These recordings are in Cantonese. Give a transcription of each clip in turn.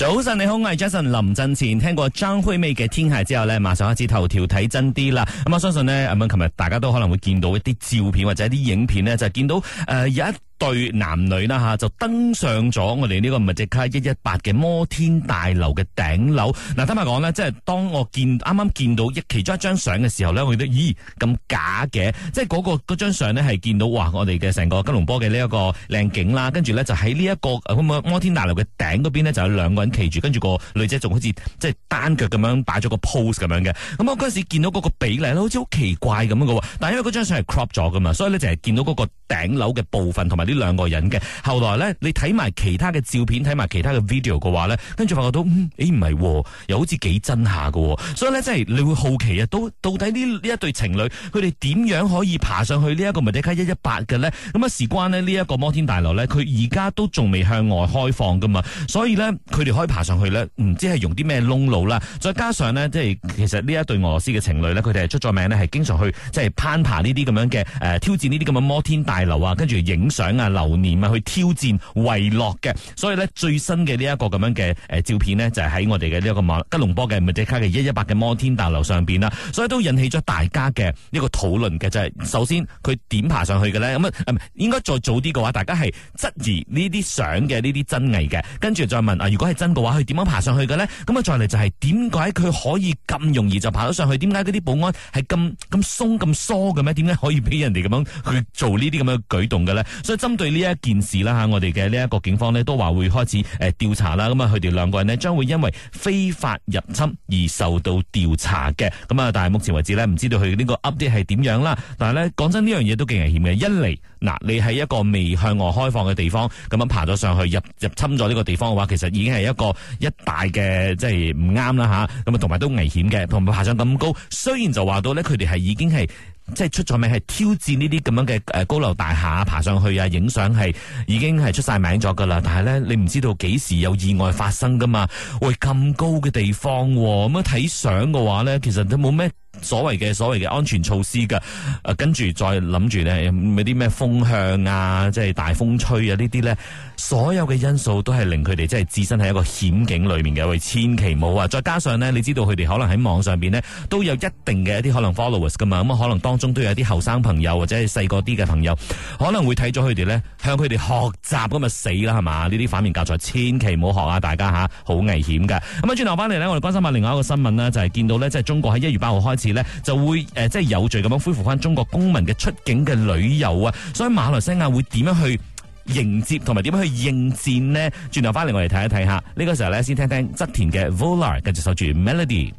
早晨，你好，我係 Jason 林振前。聽過張惠妹嘅天鞋之後呢，馬上開始頭條睇真啲啦。咁我相信呢，咁樣琴日大家都可能會見到一啲照片或者一啲影片呢，就係、是、見到誒、呃、有一。對男女啦吓，就登上咗我哋呢個唔係只卡一一八嘅摩天大樓嘅頂樓。嗱、嗯，嗯嗯、坦白講呢即係當我見啱啱見到一其中一張相嘅時候呢，我覺得咦咁假嘅？即係嗰、嗰個嗰張相呢，係見到哇，我哋嘅成個吉隆坡嘅呢一個靚景啦，跟住呢，就喺呢一個摩天大樓嘅頂嗰邊呢，就有兩個人企住，跟住個女仔仲好似即係單腳咁樣擺咗個 pose 咁樣嘅。咁我嗰陣時見到嗰個比例好似好奇怪咁樣嘅，但係因為嗰張相係 crop 咗嘅嘛，所以呢，就係見到嗰個頂樓嘅部分同埋呢兩個人嘅，後來咧，你睇埋其他嘅照片，睇埋其他嘅 video 嘅話咧，跟住發覺到，嗯，誒唔係、哦，又好似幾真下嘅、哦，所以咧，即係你會好奇啊，到到底呢呢一對情侶佢哋點樣可以爬上去呢一個默迪卡一一八嘅咧？咁、嗯、啊，事關呢，呢、這、一個摩天大樓咧，佢而家都仲未向外開放噶嘛，所以咧，佢哋可以爬上去咧，唔知係用啲咩窿路啦，再加上咧，即係其實呢一對俄羅斯嘅情侶咧，佢哋係出咗名咧，係經常去即係、就是、攀爬呢啲咁樣嘅誒、呃、挑戰呢啲咁嘅摩天大樓啊，跟住影相。啊！流年啊！去挑戰維落嘅，所以咧，最新嘅呢一個咁樣嘅誒照片呢，就係、是、喺我哋嘅呢一個馬吉隆坡嘅麥迪卡嘅一一八嘅摩天大樓上邊啦，所以都引起咗大家嘅呢個討論嘅，就係、是、首先佢點爬上去嘅咧？咁、嗯、啊，應該再早啲嘅話，大家係質疑呢啲相嘅呢啲真偽嘅，跟住再問啊，如果係真嘅話，佢點樣爬上去嘅咧？咁啊、就是，再嚟就係點解佢可以咁容易就爬咗上去？點解嗰啲保安係咁咁鬆咁疏嘅咩？點解可以俾人哋咁樣去做呢啲咁樣嘅舉動嘅咧？所以針對呢一件事啦吓，我哋嘅呢一個警方呢都話會開始誒調查啦。咁啊，佢哋兩個人呢將會因為非法入侵而受到調查嘅。咁啊，但係目前為止呢，唔知道佢呢個 update 係點樣啦。但係呢，講真呢樣嘢都幾危險嘅。一嚟嗱，你喺一個未向外開放嘅地方，咁樣爬咗上去入入侵咗呢個地方嘅話，其實已經係一個一大嘅即係唔啱啦吓。咁啊，同埋都危險嘅，同埋爬上咁高，雖然就話到呢，佢哋係已經係。即係出咗名係挑戰呢啲咁樣嘅誒高樓大廈爬上去啊影相係已經係出晒名咗噶啦，但係咧你唔知道幾時有意外發生噶嘛？喂咁高嘅地方喎，咁樣睇相嘅話咧，其實都冇咩所謂嘅所謂嘅安全措施㗎、啊，跟住再諗住呢，有啲咩風向啊，即係大風吹啊呢啲呢，所有嘅因素都係令佢哋即係置身喺一個險境裏面嘅，喂，千祈唔好啊！再加上呢，你知道佢哋可能喺網上邊呢，都有一定嘅一啲可能 followers 噶嘛，咁啊可能當中都有一啲後生朋友或者係細個啲嘅朋友可能會睇咗佢哋呢，向佢哋學習咁啊死啦係嘛？呢啲反面教材千祈唔好學啊！大家嚇好危險㗎。咁啊轉頭翻嚟呢，我哋關心下另外一個新聞咧，就係見到呢，即係中國喺一月八號開始。就會誒即係有序咁樣恢復翻中國公民嘅出境嘅旅遊啊，所以馬來西亞會點樣去迎接同埋點樣去應戰呢？轉頭翻嚟我哋睇一睇嚇，呢個時候咧先聽聽側田嘅《Volar》，繼續守住《Melody》。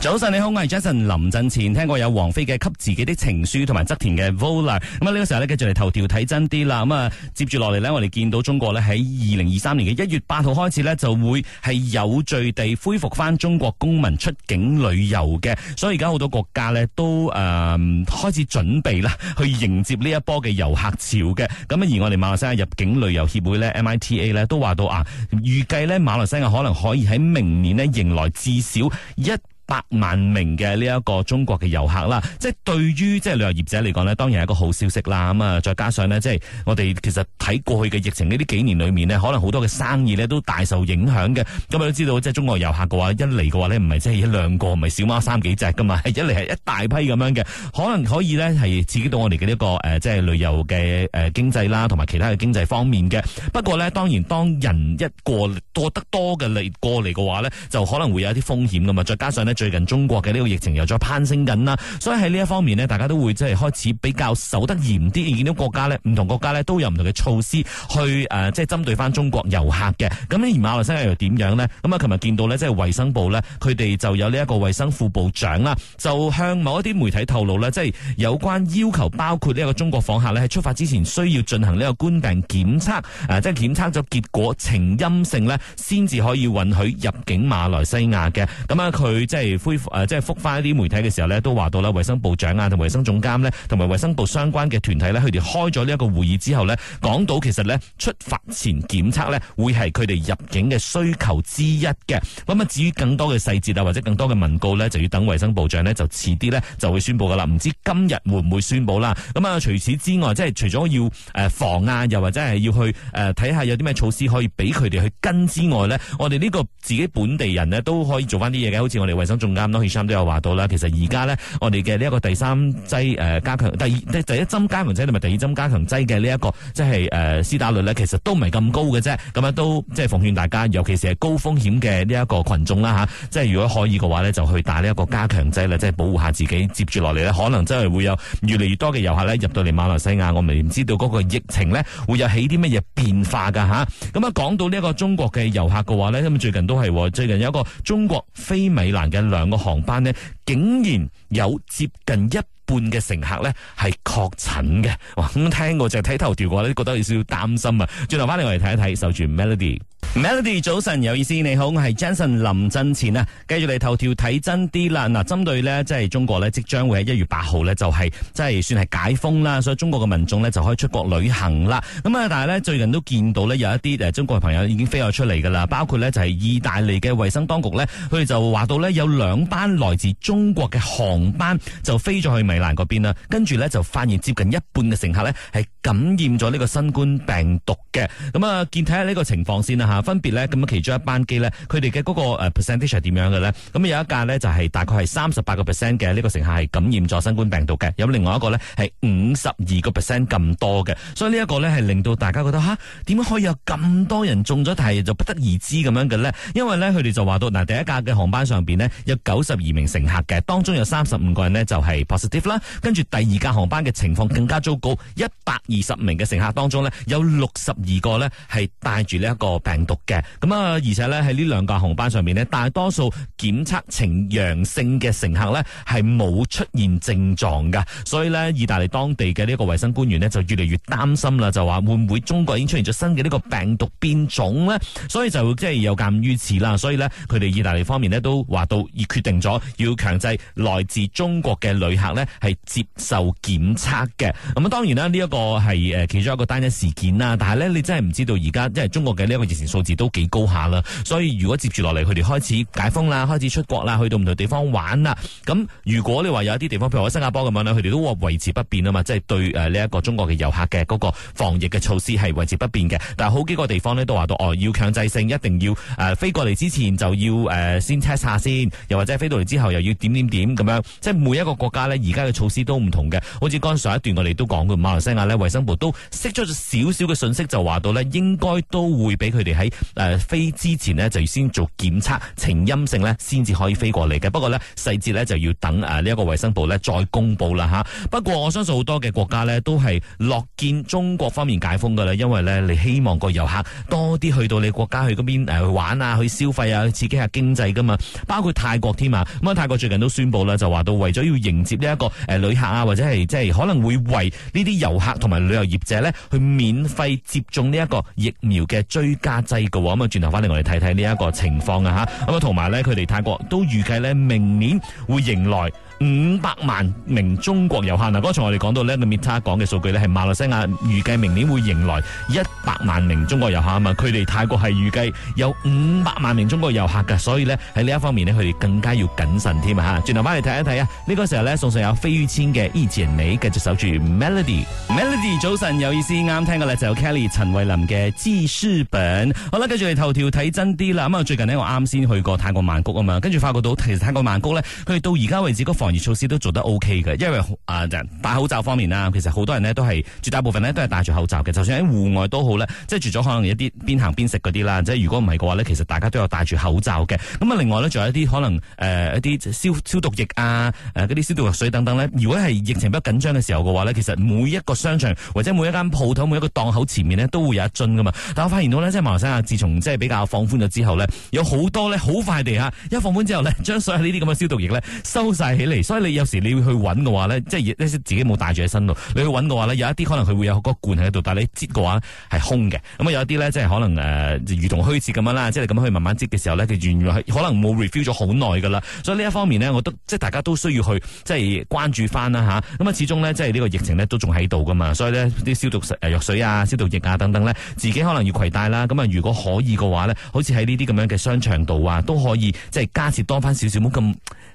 早晨，你好，我係 Jason 林。臨陣前聽過有王菲嘅《給自己的情書》同埋側田嘅《Voler》。咁呢個時候呢，繼續嚟頭條睇真啲啦。咁啊，接住落嚟呢，我哋見到中國呢，喺二零二三年嘅一月八號開始呢，就會係有序地恢復翻中國公民出境旅遊嘅。所以而家好多國家呢，都、呃、誒開始準備啦，去迎接呢一波嘅遊客潮嘅。咁而我哋馬來西亞入境旅遊協會呢 MITA 呢都話到啊，預計呢，馬來西亞可能可以喺明年呢迎來至少一百萬名嘅呢一個中國嘅遊客啦，即係對於即係旅遊業者嚟講呢，當然係一個好消息啦。咁啊，再加上呢，即係我哋其實睇過去嘅疫情呢啲幾年裏面呢，可能好多嘅生意呢都大受影響嘅。咁啊，都知道即係中國遊客嘅話，一嚟嘅話呢，唔係即係一兩個，唔係小貓三幾隻噶嘛，一嚟係一大批咁樣嘅，可能可以呢係刺激到我哋嘅呢一個誒，即係旅遊嘅誒經濟啦，同埋其他嘅經濟方面嘅。不過呢，當然當人一過過得多嘅嚟過嚟嘅話呢，就可能會有一啲風險噶嘛。再加上呢。最近中國嘅呢個疫情又再攀升緊啦，所以喺呢一方面呢，大家都會即係開始比較守得嚴啲。見到國家呢，唔同國家呢都有唔同嘅措施去誒，即係針對翻中國遊客嘅。咁而馬來西亞又點樣呢？咁啊，琴日見到呢，即係衛生部呢，佢哋就有呢一個衛生副部長啦，就向某一啲媒體透露呢，即係有關要求，包括呢一個中國訪客呢喺出發之前需要進行呢個冠病檢測，誒，即係檢測咗結果呈陰性呢，先至可以允許入境馬來西亞嘅。咁啊，佢即係。恢復誒，即係復翻一啲媒體嘅時候呢，都話到啦，衛生部長啊，同衛生總監呢，同埋衛生部相關嘅團體呢，佢哋開咗呢一個會議之後呢，講到其實呢，出發前檢測呢，會係佢哋入境嘅需求之一嘅。咁啊，至於更多嘅細節啊，或者更多嘅文告呢，就要等衛生部長呢，就遲啲呢，就會宣布噶啦。唔知今日會唔會宣布啦？咁啊，除此之外，即係除咗要誒、呃、防啊，又或者係要去誒睇下有啲咩措施可以俾佢哋去跟之外呢，我哋呢個自己本地人呢，都可以做翻啲嘢嘅，好似我哋衛生。仲啱咯，許生，啊、都有話到啦。其實而家呢，我哋嘅呢一個第三劑誒、呃、加強第第，第一針加強劑同埋第二針加強劑嘅呢一個即係誒施打率咧，其實都唔係咁高嘅啫。咁啊，都即係奉勸大家，尤其是係高風險嘅呢一個群眾啦吓，啊，即係如果可以嘅話呢，就去打呢一個加強劑啦，即係保護下自己。接住落嚟呢，可能真係會有越嚟越多嘅遊客呢入到嚟馬來西亞。我唔唔知道嗰個疫情呢會有起啲乜嘢變化㗎吓，咁啊，講，啊、到呢一個中國嘅遊客嘅話咧，咁最近都係最近有一個中國非美蘭嘅。兩個航班呢，竟然有接近一半嘅乘客呢係確診嘅，咁聽過就睇頭條嘅話咧，覺得有少少擔心啊。轉頭翻嚟我哋睇一睇，守住 Melody。Melody，早晨有意思，你好，我係 Jason 林振前啊。繼續嚟頭條睇真啲啦。嗱，針對即係中國呢，就是，即將會喺一月八號呢，就係即係算係解封啦，所以中國嘅民眾呢就可以出國旅行啦。咁啊，但係呢，最近都見到呢，有一啲誒中國嘅朋友已經飛咗出嚟噶啦，包括呢就係意大利嘅衛生當局呢，佢哋就話到呢，有兩班來自中國嘅航班就飛咗去。米蘭嗰邊啦，跟住咧就發現接近一半嘅乘客咧係感染咗呢個新冠病毒嘅。咁啊，見睇下呢個情況先啦吓，分別咧咁啊，其中一班機咧，佢哋嘅嗰個誒 percentage 係點樣嘅咧？咁啊，有一架咧就係大概係三十八個 percent 嘅呢個乘客係感染咗新冠病毒嘅，有另外一個咧係五十二個 percent 咁多嘅。所以呢一個咧係令到大家覺得吓，點解可以有咁多人中咗，但係就不得而知咁樣嘅咧？因為咧佢哋就話到嗱，第一架嘅航班上邊咧有九十二名乘客嘅，當中有三十五個人咧就係 positive。跟住第二架航班嘅情況更加糟糕，一百二十名嘅乘客當中呢，有六十二個呢係帶住呢一個病毒嘅，咁啊，而且呢，喺呢兩架航班上面呢，大多數檢測呈陽性嘅乘客呢係冇出現症狀噶，所以呢，意大利當地嘅呢個衛生官員呢就越嚟越擔心啦，就話會唔會中國已經出現咗新嘅呢個病毒變種呢？所以就即係有鑒於此啦，所以呢，佢哋意大利方面呢都話到已決定咗要強制來自中國嘅旅客呢。係接受檢測嘅，咁當然啦，呢一個係其中一個單一事件啦。但係呢，你真係唔知道而家因為中國嘅呢一個疫情數字都幾高下啦。所以如果接住落嚟佢哋開始解封啦，開始出國啦，去到唔同地方玩啦，咁如果你話有一啲地方，譬如話新加坡咁樣啦，佢哋都話維持不變啊嘛，即係對呢一個中國嘅遊客嘅嗰個防疫嘅措施係維持不變嘅。但係好幾個地方呢，都話到哦，要強制性，一定要誒飛過嚟之前就要誒先 test 下先，又或者飛到嚟之後又要點點點咁樣，即係每一個國家呢，而家。嘅措施都唔同嘅，好似剛才上一段我哋都講過馬來西亞咧衛生部都釋出少少嘅信息，就話到咧應該都會俾佢哋喺誒飛之前咧就先做檢測呈陰性咧先至可以飛過嚟嘅。不過咧細節咧就要等誒呢一個衛生部咧再公布啦吓。不過我相信好多嘅國家咧都係樂見中國方面解封噶啦，因為咧你希望個遊客多啲去到你國家去嗰邊誒去玩啊，去消費啊，去刺激下、啊、經濟噶嘛。包括泰國添啊，咁啊泰國最近都宣布啦，就話到為咗要迎接呢、這、一個。誒、呃，旅客啊，或者係即係可能會為呢啲遊客同埋旅遊業者咧，去免費接種呢一個疫苗嘅追加劑嘅、哦，咁啊，轉頭翻嚟我哋睇睇呢一個情況啊，吓，咁啊，同埋咧，佢哋泰國都預計咧明年會迎來。五百萬名中國遊客嗱，剛才我哋講到咧，個 Meta 講嘅數據咧，係馬來西亞預計明年會迎來一百萬名中國遊客啊嘛。佢哋泰國係預計有五百萬名中國遊客嘅，所以咧喺呢一方面呢，佢哋更加要謹慎添啊。轉頭翻嚟睇一睇啊，呢個時候咧送上有飛魚簽嘅易簡美，繼續守住 Melody。Melody 早晨有意思，啱聽嘅咧就有 Kelly 陳慧琳嘅記事本。好啦，跟住頭條睇真啲啦。咁啊，最近呢，我啱先去過泰國曼谷啊嘛，跟住發覺到其實泰國曼谷咧，佢哋到而家為止防疫措施都做得 OK 嘅，因為啊、呃，戴口罩方面啦，其實好多人咧都係絕大部分咧都係戴住口罩嘅，就算喺戶外都好咧，即係除咗可能一啲邊行邊食嗰啲啦，即係如果唔係嘅話咧，其實大家都有戴住口罩嘅。咁啊，另外咧仲有一啲可能誒、呃、一啲消消毒液啊，誒嗰啲消毒藥水等等咧，如果係疫情比較緊張嘅時候嘅話咧，其實每一個商場或者每一間鋪頭每一個檔口前面咧都會有一樽噶嘛。但我發現到咧，即係馬來西亞自從即係比較放寬咗之後咧，有好多咧好快地吓一放寬之後咧，將所有呢啲咁嘅消毒液咧收晒起所以你有時你會去揾嘅話咧，即係自己冇帶住喺身度。你去揾嘅話呢，有一啲可能佢會有個罐喺度，但係你擠嘅話係空嘅。咁啊，有一啲咧，即係可能誒，如同虛設咁樣啦。即係咁樣去慢慢擠嘅時候咧，佢原來可能冇 review 咗好耐噶啦。所以呢一方面咧，我都即係大家都需要去即係關注翻啦吓。咁啊，始終咧即係呢個疫情咧都仲喺度噶嘛。所以咧啲消毒誒藥水啊、消毒液啊等等咧，自己可能要攜帶啦。咁啊，如果可以嘅話咧，好似喺呢啲咁樣嘅商場度啊，都可以即係加設多翻少少咁。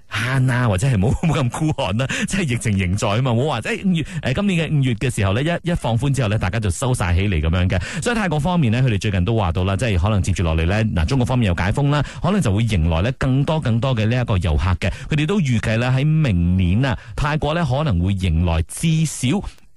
慳啊，或者係冇冇咁孤寒啦，即係疫情仍在啊嘛，冇話誒，五、哎、月誒今年嘅五月嘅時候咧，一一放寬之後咧，大家就收晒起嚟咁樣嘅。所以泰國方面咧，佢哋最近都話到啦，即係可能接住落嚟咧，嗱中國方面又解封啦，可能就會迎來咧更多更多嘅呢一個遊客嘅。佢哋都預計咧喺明年啊，泰國咧可能會迎來至少。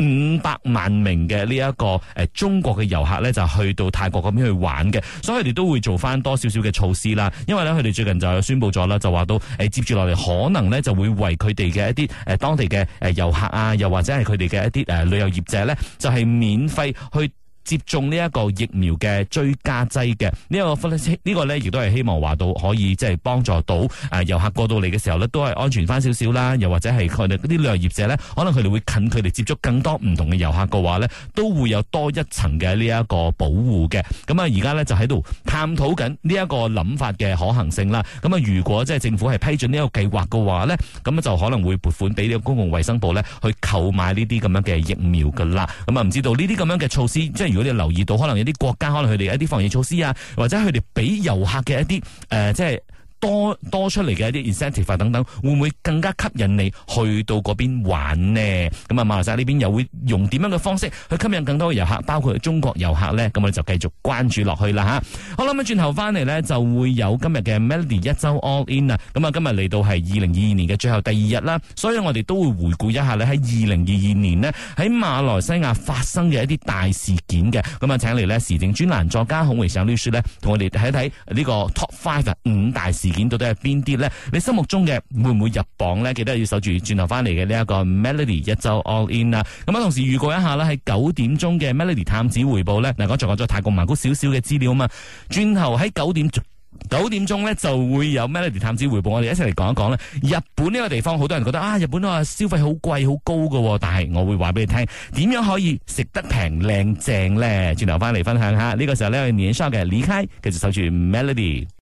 五百萬名嘅呢一個、呃、中國嘅遊客咧，就去到泰國嗰邊去玩嘅，所以佢哋都會做返多少少嘅措施啦。因為咧，佢哋最近就有宣布咗啦，就話到、呃、接住落嚟可能咧就會為佢哋嘅一啲誒、呃、當地嘅誒遊客啊，又或者係佢哋嘅一啲、呃、旅遊業者咧，就係、是、免費去。接種呢一個疫苗嘅追加劑嘅呢、呢個呢、呢個呢亦都係希望話到可以即係、就是、幫助到誒、呃、遊客過到嚟嘅時候呢，都係安全翻少少啦。又或者係佢哋啲旅遊業者呢，可能佢哋會近距離接觸更多唔同嘅遊客嘅話呢，都會有多一層嘅呢一個保護嘅。咁啊，而家呢就喺度探討緊呢一個諗法嘅可行性啦。咁啊，如果即係政府係批准呢個計劃嘅話呢，咁就可能會撥款俾呢個公共衛生部呢去購買呢啲咁樣嘅疫苗噶啦。咁啊，唔知道呢啲咁樣嘅措施即係。如果你留意到，可能有啲國家，可能佢哋有一啲防疫措施啊，或者佢哋俾遊客嘅一啲，誒、呃，即係。多多出嚟嘅一啲 incentive 啊、等等，會唔會更加吸引你去到嗰邊玩呢？咁啊，馬來西亞呢邊又會用點樣嘅方式去吸引更多嘅遊客，包括中國遊客咧？咁我哋就繼續關注落去啦吓。好啦，咁轉頭翻嚟咧，就會有今日嘅 Melody 一周 All In 啊。咁啊，今日嚟到係二零二二年嘅最後第二日啦，所以我哋都會回顧一下咧，喺二零二二年咧喺馬來西亞發生嘅一啲大事件嘅。咁啊，請嚟咧時政專欄作家孔維上呢書咧，同我哋睇睇呢個 Top Five 五大事件。見到都係邊啲咧？你心目中嘅，會唔會入榜咧？記得要守住轉頭翻嚟嘅呢一個 Melody 一周 All In 啊！咁啊，同時預告一下啦，喺九點鐘嘅 Melody 探子回報咧，嗱，我再講咗泰國曼谷少少嘅資料啊嘛。轉頭喺九點九點鐘咧就會有 Melody 探子回報，我哋一齊嚟講一講啦。日本呢個地方好多人覺得啊，日本啊消費好貴好高噶，但係我會話俾你聽，點樣可以食得平靚正咧？轉頭翻嚟分享下。呢、這個時候咧我哋年少嘅李開，繼續守住 Melody。